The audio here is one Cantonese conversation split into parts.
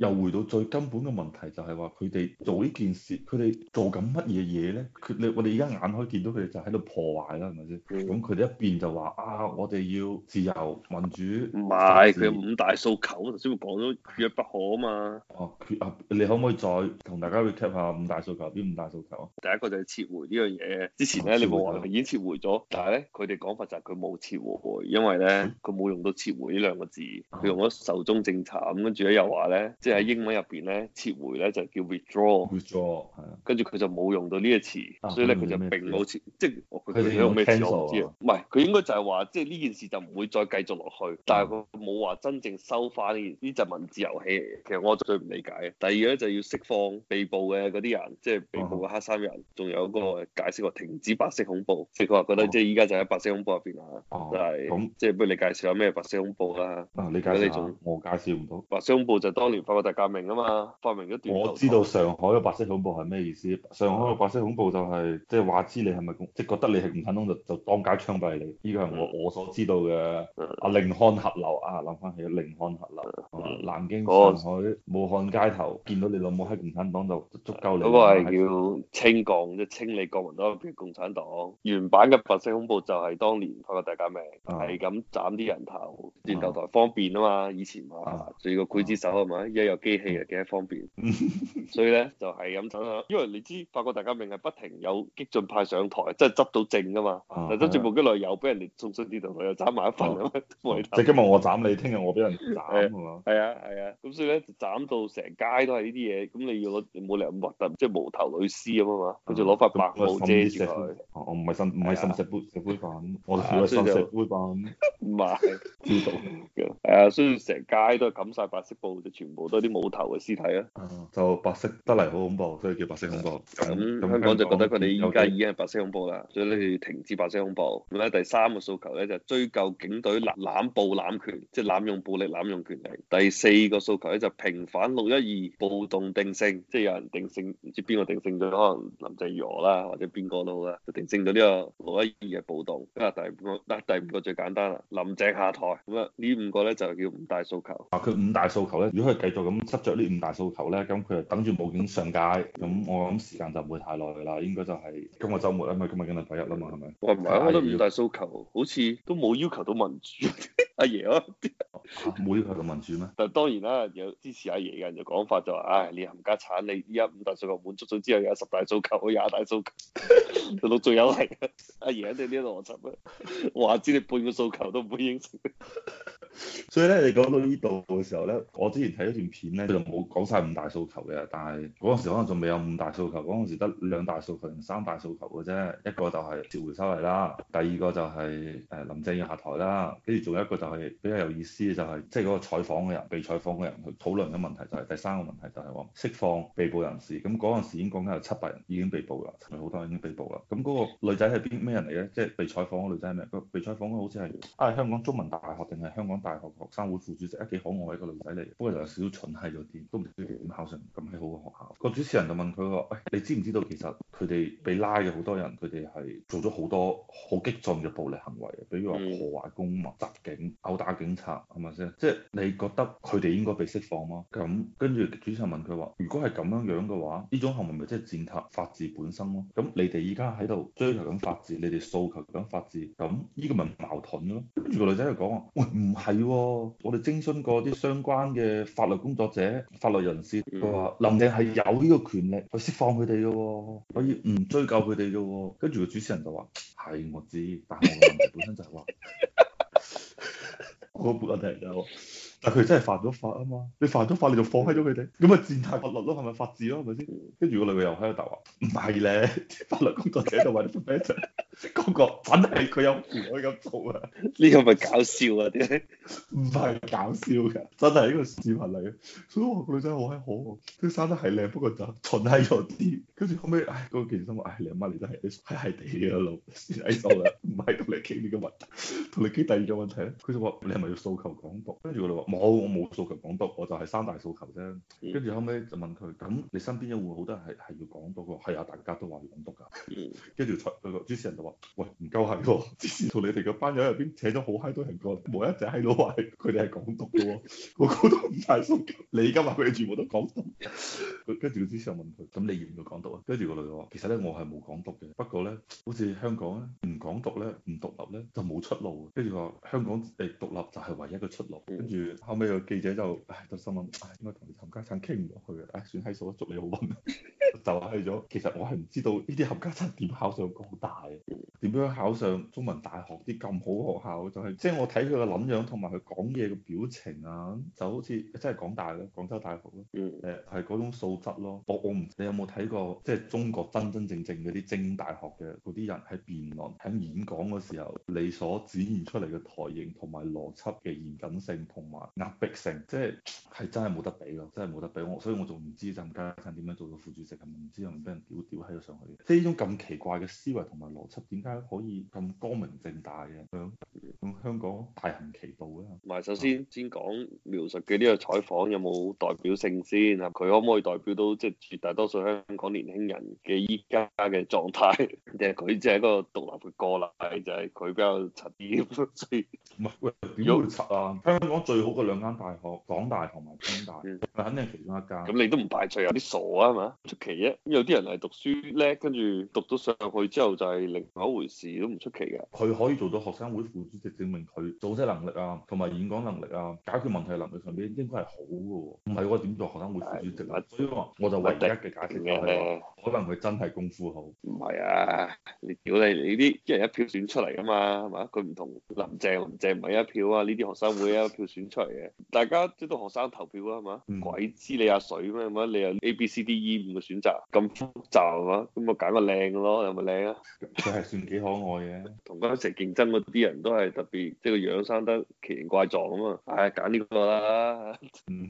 又回到最根本嘅問題，就係話佢哋做呢件事，佢哋做緊乜嘢嘢咧？佢你我哋而家眼可以見到佢哋就喺度破壞啦，係咪先？咁佢哋一邊就話啊，我哋要自由民主。唔係，佢五大訴求，頭先我講咗，缺一不可啊嘛。哦，缺一，你可唔可以再同大家去 check 下五大訴求？邊五大訴求啊？第一個就係撤回呢樣嘢，之前咧你冇話已經撤回咗，但係咧佢哋講法就係，佢冇撤回，因為咧佢冇用到撤回呢兩個字，佢用咗壽終正寢。咁跟住咧又話咧，就喺英文入邊咧，撤回咧就叫 withdraw，withdraw 係啊，跟住佢就冇用到呢一個詞，所以咧佢就並冇撤，即係佢用咩詞我唔知。唔係佢應該就係話，即係呢件事就唔會再繼續落去，但係佢冇話真正收翻呢件事，文字遊戲嚟，其實我最唔理解嘅。第二咧就要釋放被捕嘅嗰啲人，即係被捕嘅黑衫人，仲有一個解釋話停止白色恐怖，即係佢話覺得即係依家就喺白色恐怖入邊啊，即係咁，即係不如你介紹下咩白色恐怖啦。啊，你解呢下。我介紹唔到。白色恐怖就當年大革命啊嘛，發明咗斷頭台。我知道上海嘅白色恐怖係咩意思。上海嘅白色恐怖就係即係話知你係咪即係覺得你係共產黨就就當街槍斃你。呢個係我我所知道嘅。阿寧漢合流啊，諗翻起寧啊，寧漢合流。南京、上海、武漢街頭見到你老母喺共產黨就足夠你。嗰個係叫清共即清理國民黨入邊共產黨。原版嘅白色恐怖就係當年發大革命係咁斬啲人頭，斷頭台、啊、方便啊嘛。以前話做、啊、個劊子手係咪？啊啊啊啊有機器又幾方便，所以咧就係咁整下。因為你知，法國大革命係不停有激進派上台，即係執到政噶嘛。但係最近無幾耐又俾人哋送上殿堂，又斬埋一份咁即係今日我斬你，聽日我俾人斬係嘛？係啊係啊，咁所以咧斬到成街都係呢啲嘢。咁你要攞冇理由咁核突，即係無頭女屍咁啊嘛。佢就攞塊白布遮住佢。我唔係浸唔係浸食杯食杯飯，我少咗食杯飯。唔係係啊，所以成街都係冚晒白色布，就全部都。嗰啲冇頭嘅屍體啊，嗯、就白色得嚟好恐怖，所以叫白色恐怖。咁、嗯、香港就覺得佢哋而家已經係白色恐怖啦，所以咧要停止白色恐怖。咁咧第三個訴求咧就是、追究警隊濫暴濫，濫權，即係濫用暴力、濫用權力。第四個訴求咧就是、平反六一二暴動定性，即係有人定性唔知邊個定性咗，可能林鄭月娥啦，或者邊個都好啦，就定性咗呢個六一二嘅暴動。咁啊第五個，啊第五個最簡單啦，林鄭下台。咁啊呢五個咧就叫五大訴求。啊佢五大訴求咧，如果可以繼續咁執著呢五大訴求咧，咁佢就等住武警上街，咁我諗時間就唔會太耐噶啦，應該就係、是、今個週末啊嘛，今日今日拜日啦嘛，係咪？我唔係啊，覺得五大訴求要好似都冇要求到民主，阿、啊、爺啊，冇、啊、要求到民主咩？但當然啦，有支持阿爺嘅人就講法就話，唉、哎，你冚家產，你依家五大訴求滿足咗之後，有十大訴求，廿大訴求，六仲有係阿爺喺你呢個邏輯啊！我話知你半個訴求都唔會應承。啊所以咧，你講到呢度嘅時候咧，我之前睇一段片咧，就冇講晒五大訴求嘅。但係嗰陣時可能仲未有五大訴求，嗰、那、陣、個、時得兩大訴求、三大訴求嘅啫。一個就係撤回修例啦，第二個就係誒林鄭要下台啦，跟住仲有一個就係比較有意思嘅、就是，就係即係嗰個採訪嘅人、被採訪嘅人去討論嘅問題、就是，就係第三個問題就係話釋放被捕人士。咁嗰陣時已經講緊有七百人已經被捕啦，好多人已經被捕啦。咁、那、嗰個女仔係邊咩人嚟嘅？即、就、係、是、被採訪嗰個女仔係咩？那個被採訪好似係啊，香港中文大學定係香港大學？大學學生會副主席一幾可愛一個女仔嚟，不過就有少少蠢閪咗啲，都唔知點考成咁好嘅學校。個主持人就問佢話：喂、哎，你知唔知道其實佢哋被拉嘅好多人，佢哋係做咗好多好激進嘅暴力行為，比如話破壞公物、襲警、毆打警察，係咪先？即係你覺得佢哋應該被釋放嗎？咁跟住主持人問佢話：如果係咁樣樣嘅話，呢種行為咪即係踐踏法治本身咯？咁你哋依家喺度追求緊法治，你哋訴求緊法治，咁呢個咪矛盾咯？跟住個女仔就講話：喂，唔係。係喎，我哋徵詢過啲相關嘅法律工作者、法律人士，佢話林鄭係有呢個權力去釋放佢哋嘅，可以唔追究佢哋嘅。跟住個主持人就話：係我知，但係我嘅問題本身就係話嗰個問題就。但佢真係犯咗法啊嘛！你犯咗法你，你就放開咗佢哋，咁咪踐踏法律咯？係咪法治咯？係咪先？跟住個女嘅又喺度答話：唔係咧，法律工作者就為你出名啫。啲公公真係佢有權可以咁做啊？呢個咪搞笑啊！啲唔係搞笑㗎，真係呢個嚟嘅，所以我個女仔好閪好佢生得係靚，不過就蠢閪咗啲。跟住後尾，唉，嗰、那個健身話：唉、哎，你阿媽你真係閪閪地啊，老師弟收啦，唔係同你傾呢個問題，同你傾第二個問題咧。佢就話：你係咪要訴求港獨？跟住我話。冇，我冇訴求港獨，我就係三大訴求啫。跟住後尾就問佢：咁你身邊有冇好多人係係要港獨個？係啊，大家都話要港獨噶。跟住個主持人就話：喂，唔夠係喎！之前同你哋個班友入邊請咗好嗨多人過，冇一隻喺度話佢哋係港獨個喎，個個都唔太訴求。你今日話佢哋全部都港獨。跟住個主持人問佢：咁你要唔要港獨啊？跟住個女話：其實咧我係冇港獨嘅，不過咧好似香港咧唔港獨咧唔獨立咧就冇出路。跟住話香港誒獨立就係唯一嘅出路。跟住。後尾個記者就唉都心諗，唉，唉應該同你冚家鏟傾唔落去嘅，唉，算閪數啦，祝你好運。 就去咗，其實我係唔知道呢啲冚家鏟點考上廣大，嘅，點樣考上中文大學啲咁好學校。就係即係我睇佢個諗樣同埋佢講嘢嘅表情啊，就好似即係廣大咯，廣州大學、mm. 咯。嗯。誒係嗰種素質咯。我我唔，你有冇睇過即係、就是、中國真真正正嗰啲正大學嘅嗰啲人喺辯論、喺演講嘅時候，你所展現出嚟嘅台型同埋邏輯嘅嚴謹性同埋壓迫性，即係係真係冇得比咯，真係冇得比。我所以我仲唔知就吳家駒點樣做到副主席，咁唔知有咪俾人屌屌喺咗上去？即係呢種咁奇怪嘅思維同埋邏輯，點解可以咁光明正大嘅響香港大行其道咧？唔係首先先講描述嘅呢個採訪有冇代表性先？佢可唔可以代表到即係、就是、絕大多數香港年輕人嘅依家嘅狀態？定係佢只係一個獨立嘅個例？就係、是、佢比較柒啲，所以唔係喂點會柒啊？香港最好兩間大學，港大同埋中大， 嗯、肯定係其中一間。咁、嗯、你都唔排除有啲傻啊？係嘛？出奇啊！有啲人係讀書叻，跟住讀咗上去之後就係、是、另一回事，都唔出奇嘅、啊。佢可以做到學生會副主席，證明佢組織能力啊，同埋演講能力啊，解決問題能力上面應該係好嘅、啊。唔係我點做學生會副主席啊？所以是我就唯一嘅解釋咧、就是，啊啊、可能佢真係功夫好。唔係啊！屌你哋啲一人一票選出嚟啊嘛，係嘛？佢唔同林鄭、林鄭唔係一票啊，呢啲學生會一票選出嚟。 大家知道學生投票啊嘛，嗯、鬼知你阿、啊、水咩？咁啊你又 A B C D E 五個選擇咁複雜啊嘛，咁我揀個靚嘅咯，有咪靚啊？佢係算幾可愛嘅，同一齊競爭嗰啲人都係特別，即個樣生得奇形怪狀啊嘛。唉、啊，揀呢個啦，揾、嗯、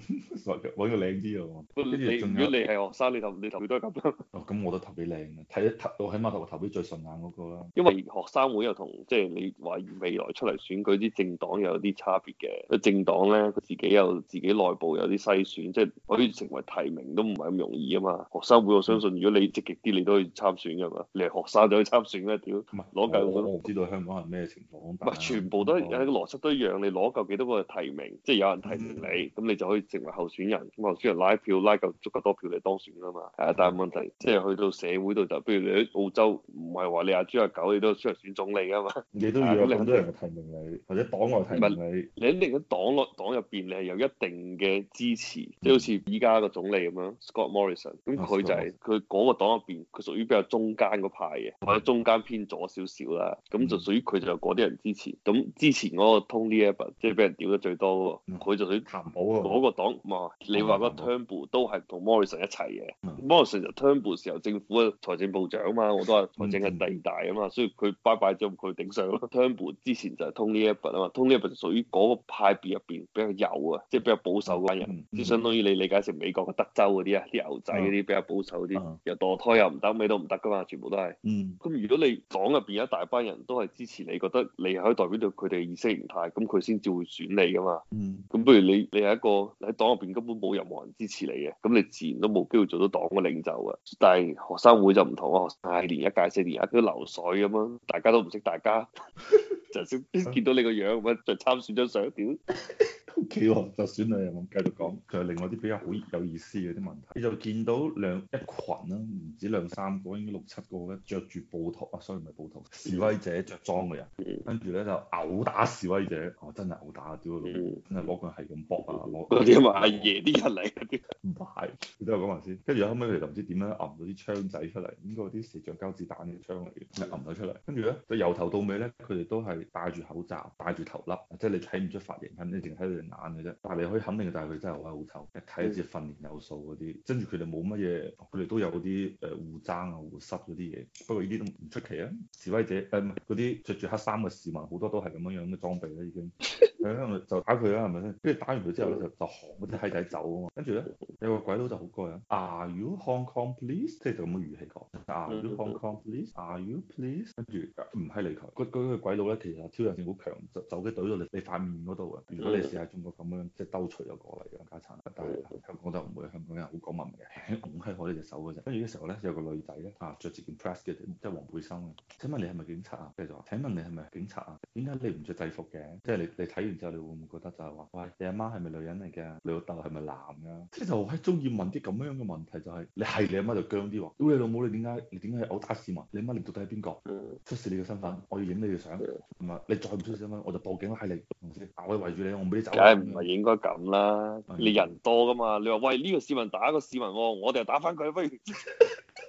個靚啲啊嘛。你有如果你係學生，你投你投票都係咁咯。哦，咁我都投畀靚嘅，睇一投我起碼我投個投啲最順眼嗰、那個啦。因為學生會又同即你話未來出嚟選舉啲政黨有啲差別嘅，政黨。政黨咧佢自己有自己內部有啲篩選，即係可以成為提名都唔係咁容易啊嘛！學生會我相信，如果你積極啲，你都可以參選噶嘛。你係學生就可以參選咩？點、那個？唔係攞夠我都唔知道香港係咩情況，唔係全部都好有個邏輯都一樣。你攞夠幾多個提名，即係有人提名你，咁 你就可以成為候選人。咁候選人拉票拉夠足夠多票，你當選啊嘛。係啊，但係問題即係去到社會度就，譬如你喺澳洲，唔係話你阿豬阿狗，你都出嚟選總理噶嘛？你都要有咁多人提名你， 或者黨外提名你。你一定喺黨內？黨入邊你有一定嘅支持，即係好似依家個總理咁樣 Scott Morrison，咁佢就係佢嗰個黨入邊，佢屬於比較中間嗰派嘅，或者中間偏左少少啦，咁就屬於佢就嗰啲人支持。咁之前嗰個 Tony Abbott 即係俾人屌得最多，佢就屬於冇嗰個黨。嘛、啊嗯，你話嗰 Turnbull 都係同 Morrison 一齊嘅、嗯、Morrison 就 Turnbull 時候政府嘅財政部長啊嘛，我都話財政係第二大啊嘛，所以佢拜拜咗佢頂上咯。 Turnbull 之前就係 Tony Abbott 啊嘛，Tony Abbott 屬於嗰個派別入邊。比較右啊，即係比較保守班人，即係、嗯嗯、相當於你理解成美國嘅德州嗰啲啊，啲牛仔嗰啲比較保守啲，嗯嗯、又墮胎又唔得，咩都唔得噶嘛，全部都係。嗯。咁如果你黨入邊一大班人都係支持你，覺得你可以代表到佢哋嘅意識形態，咁佢先至會選你噶嘛。嗯。咁不如你，你係一個喺黨入邊根本冇任何人支持你嘅，咁你自然都冇機會做到黨嘅領袖啊。但係學生會就唔同啊，學生、哎、一屆四，一屆四年一都流水咁啊，大家都唔識大家。 就先見到你個樣，oh. 我就再參選張相點。 O K，就選你又咁繼續講，佢有另外啲比較好有意思嘅啲問題。你就見到兩一群，啦，唔止兩三個應該六七個咧，着住暴徒啊 sorry 唔係暴徒，示威者着裝嘅人，跟住咧就毆打示威者，哦真係毆打啊！屌，真係攞棍係咁搏啊！嗰啲咪阿爺啲人嚟嗰啲，唔係，你等我講埋先。跟住後尾，佢哋就唔知點樣揞到啲槍仔出嚟，應該啲射橡膠子彈嘅槍嚟，揞咗出嚟。跟住咧，就由頭到尾咧，佢哋都係戴住口罩、戴住頭笠，即係你睇唔出髮型，咁你淨係睇佢眼嘅啫，但係你可以肯定，但係佢真係好黑好透，一睇就似訓練有素嗰啲，跟住佢哋冇乜嘢，佢哋都有嗰啲誒護踭啊護膝嗰啲嘢，不過呢啲都唔出奇啊！示威者誒唔係嗰啲着住黑衫嘅市民，好多都係咁樣樣嘅裝備啦，已經。 就打佢啦，係咪先？跟住打完佢之後咧，就就行嗰啲閪仔走啊嘛。跟住咧，有個鬼佬就好過癮，Are you Hong Kong please？即係就咁嘅語氣講，Are you Hong Kong please？Are you please？跟住唔閪理佢。嗰、嗰個鬼佬咧，其實挑釁性好強，就手機揼到你你塊面嗰度啊！如果你試下中國咁樣，即係兜除咗過嚟兩家鏟。但係香港就唔會，香港人好講文明嘅，唔喺我呢隻手嗰陣。跟住啲時候咧，有個女仔咧，啊著住件 press 嘅，即係黃背心嘅。請問你係咪警察啊？跟住就話請問你係咪警察啊？點解你唔着制服嘅？即係你你睇。然之後你會唔會覺得就係話，喂你阿媽係咪女人嚟㗎？你老豆係咪男㗎？即係就係鍾意問啲咁樣嘅問題，就是，就係你係你阿媽，媽就僵啲話，屌、嗯、你老母你點解你點解毆打市民？你阿媽，媽你到底係邊個？嗯、出示你嘅身份，嗯、我要影你嘅相，唔係、嗯嗯、你再唔出示身份我就報警啦，係、嗯、你，我圍住你，我唔俾你走。梗唔係應該咁啦？你人多㗎嘛？你話喂呢、呢個市民打一個市民，哦，我我哋又打翻佢，不如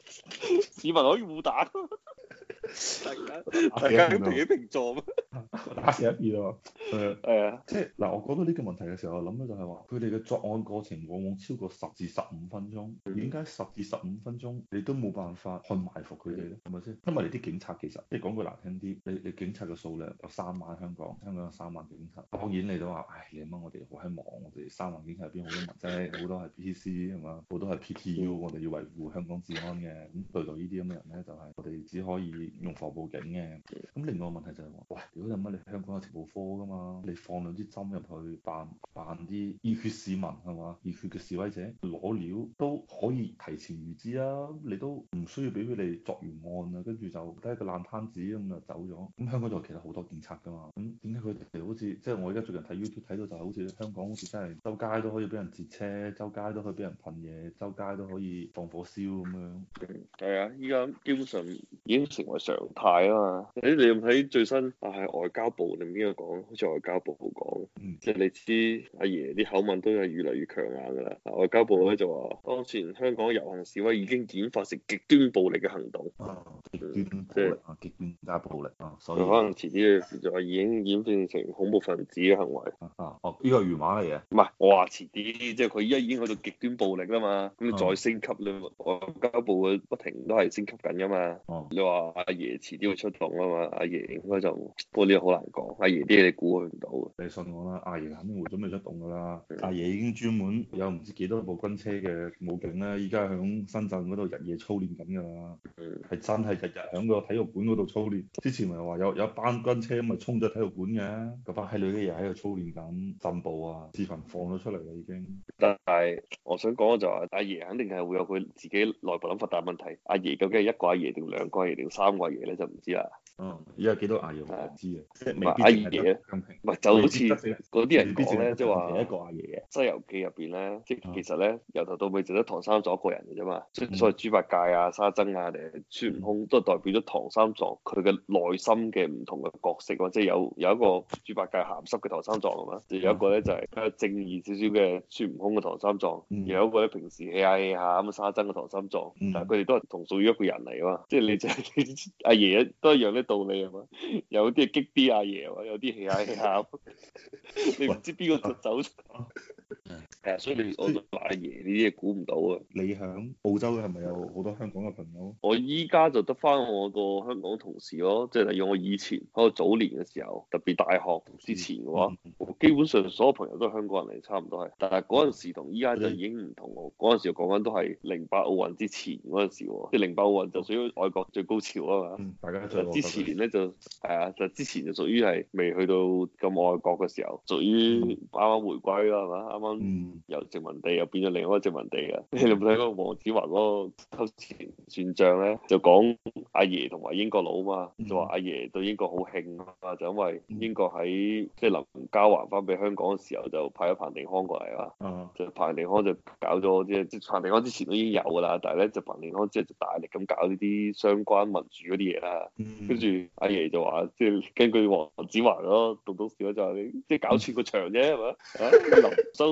市民可以互打， 大家大家平起平坐打死一邊喎。誒誒，即係嗱，我講到呢個問題嘅時候，我諗咧就係話，佢哋嘅作案過程往往超過十至十五分鐘。點解十至十五分鐘你都冇辦法去埋伏佢哋咧？係咪先？因為你啲警察其實即係講句難聽啲，你你警察嘅數量有三萬香港，香港有三萬警察。當然你都話，唉，你問我哋好閪忙，我哋三萬警察入邊好多文職，好多係 PC 係嘛，好多係 PTU，我哋要維護香港治安嘅。咁對待呢啲咁嘅人咧，就係、是、我哋只可以用防暴警嘅。咁另外個問題就係、是、話，喂，果你乜？你香港有情報科㗎嘛？啊！你放兩支針入去扮扮啲熱血市民係嘛？熱血嘅示威者攞料都可以提前預知啊！你都唔需要俾佢哋作完案啊，跟住就得一個爛攤子咁就走咗。咁香港就其實好多警察㗎嘛，咁點解佢哋好似即係我而家最近睇 YouTube 睇到就係好似香港好似真係周街都可以俾人截車，周街都可以俾人噴嘢，周街都可以放火燒咁樣。係啊、嗯！依家基本上已經成為常態啊嘛！誒，你有冇睇最新啊？係外交部定邊個講？好似外交部好講，嗯、即係你知阿爺啲口吻都係越嚟越強硬㗎啦。外交部咧就話，當前香港遊行示威已經演化成極端暴力嘅行動，即、啊嗯、極端暴力即極端加暴力。哦、啊，所以可能遲啲嘅事就話已經演變成恐怖分子嘅行為。哦、啊，呢個原話嚟嘅。唔、啊、係、啊，我話遲啲，即係佢依家已經去到極端暴力啦嘛。咁你再升級咧，嗯、外交部嘅不停都係升級緊㗎嘛。你話、嗯嗯、阿爺遲啲會出動啊嘛？阿爺應該就，不過呢個好難講。阿爺啲嘢你估？去到，你信我啦，阿爺肯定會準備出動噶啦。的阿爺已經專門有唔知幾多部軍車嘅武警咧，依家喺深圳嗰度日夜操練緊噶啦。係的真係日日喺個體育館嗰度操練。之前咪話有有一班軍車咪衝咗體育館嘅，嗰班閪女啲人喺度操練緊進步啊，視頻放咗出嚟啦已經。但係我想講就係、是、阿爺肯定係會有佢自己內部諗法，但係問題，阿爺究竟係一個阿爺定兩個阿爺定三個阿爺咧就唔知啦。而家幾多阿爺我知啊，即阿爺啊，唔係就好似嗰啲人講咧，即係話一個阿爺嘅《西遊記》入邊咧，即係其實咧由頭到尾就得唐三藏一個人嘅啫嘛，所以豬八戒啊、沙僧啊定係孫悟空都代表咗唐三藏佢嘅內心嘅唔同嘅角色，即係有有一個豬八戒鹹濕嘅唐三藏啊嘛，就有一個咧就係比較正義少少嘅孫悟空嘅唐三藏，有一個咧平時 hea 下下咁嘅沙僧嘅唐三藏，但係佢哋都係同屬於一個人嚟嘅嘛，即係你就阿爺都一樣。道理係嘛？有啲係激啲阿爺，有啲係 hea 下，你唔知邊個就走錯。 係，係啊，所以我你我都阿爺呢啲嘢估唔到啊！你喺澳洲係咪有好多香港嘅朋友？我依家就得翻我個香港同事咯，即係例如我以前喺度早年嘅時候，特別大學之前嘅話，我基本上所有朋友都係香港人嚟，差唔多係。但係嗰陣時同依家就已經唔同咯。嗰陣以時又講緊都係零八奧運之前嗰陣時，即係零八奧運就屬於愛國最高潮啊嘛、嗯。大家之前咧拜就係啊，就之前就屬於係未去到咁愛國嘅時候，屬於啱啱回歸啦，係嘛。蚊由、嗯嗯、殖民地又變咗另一個殖民地啊！ 你有冇睇過嗰個黃子華嗰個秋前算賬咧？就講阿爺同埋英國佬啊嘛，就話阿爺對英國好興啊，就因為英國喺即係臨交還翻俾香港嘅時候，就派咗彭定康過嚟啊、嗯就是，就彭定康就搞咗啲即係彭定康之前都已經有㗎啦，但係咧就彭定康之後就大力咁搞呢啲相關民主嗰啲嘢啦。跟住、嗯、阿爺就話，即、就、係、是、根據黃子華咯，讀到、就是、笑就話你即係搞串個場啫，係咪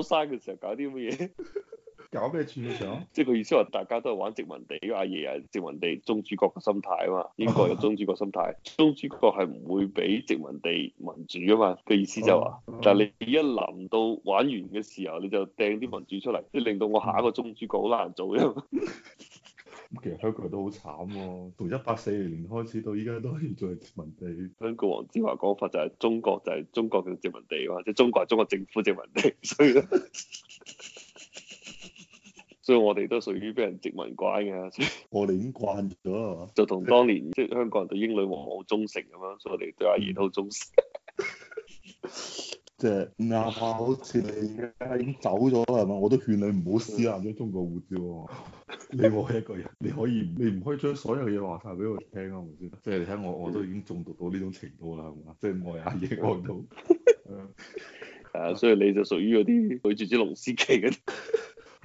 好嘥嘅時候搞啲乜嘢？搞咩主嘅想？即係佢意思話，大家都係玩殖民地，阿、啊、爺係殖民地宗主國嘅心態啊嘛。英國有宗主國心態， 宗主國係唔會俾殖民地民主啊嘛。嘅意思就話、是， 但係你一臨到玩完嘅時候，你就掟啲民主出嚟，即係令到我下一個宗主國好難做嘛。 其實香港人都好慘喎、哦，從一八四零年開始到依家都係仲係殖民地。根據王之華講法就，就係、是、中國就係中國嘅殖民地，或、就、者、是、中國係中國政府殖民地，所以咧， 所以我哋都屬於俾人殖民慣嘅。我哋已經慣咗，就同當年即係 香港人對英女王好忠誠咁樣，所以我哋對阿爺都好忠誠。 即係，啱好似你而家已經走咗啦，係嘛？我都勸你唔好撕爛張中國護照喎。你我一個人，你可以，你唔可以將所有嘢話晒俾我聽啊？唔知，先？即係你睇我，我都已經中毒到呢種程度啦，係嘛？即係我阿爺講到，係啊，所以你就屬於嗰啲舉住支龍獅旗嗰